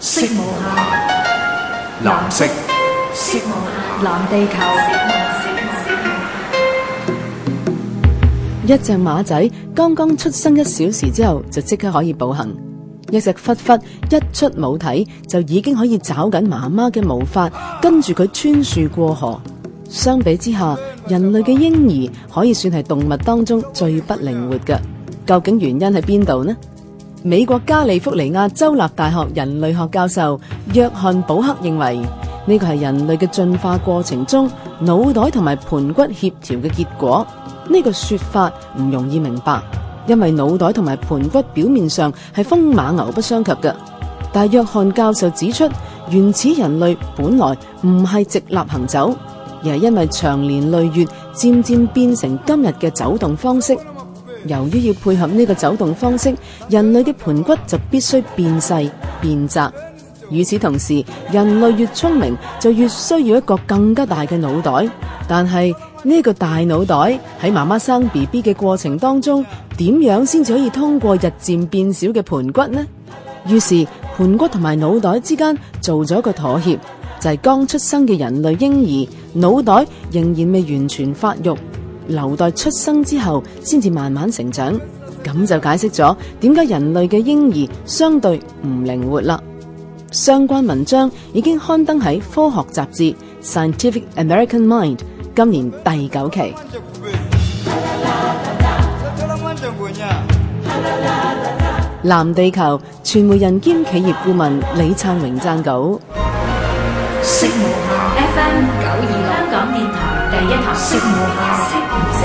色無暇，藍色。色無暇，藍地球。一隻馬仔剛剛出生一小時之後就即刻可以步行，一隻狒狒一出母體就已經可以找緊媽媽嘅毛髮，跟住佢穿樹過河。相比之下，人類嘅嬰兒可以算係動物當中最不靈活嘅，究竟原因喺邊度呢？美國加利福尼亞州立大學人類學教授約翰保克認為，呢個係人類嘅進化過程中，腦袋同埋盆骨協調嘅結果。呢個說法唔容易明白，因為腦袋同埋盆骨表面上係風馬牛不相及嘅。但約翰教授指出，原始人類本來唔係直立行走，而係因為長年累月，漸漸變成今日嘅走動方式。由於要配合呢個走動方式，人類嘅盆骨就必須變細變窄。與此同時，人類越聰明，就越需要一個更加大嘅腦袋。但係呢個大腦袋喺媽媽生 B B 嘅過程當中，點樣先至可以通過日漸變小嘅盆骨呢？於是盆骨同埋腦袋之間做咗個妥協，就係剛出生嘅人類嬰兒腦袋仍然未完全發育。留待出生之後，先至慢慢成長，咁就解釋咗點解人類嘅嬰兒相對唔靈活啦。相關文章已經刊登喺《科學雜誌 Scientific American Mind》今年第九期。藍地球傳媒人兼企業顧問李燦榮撰稿。FM 九二香港電台第一台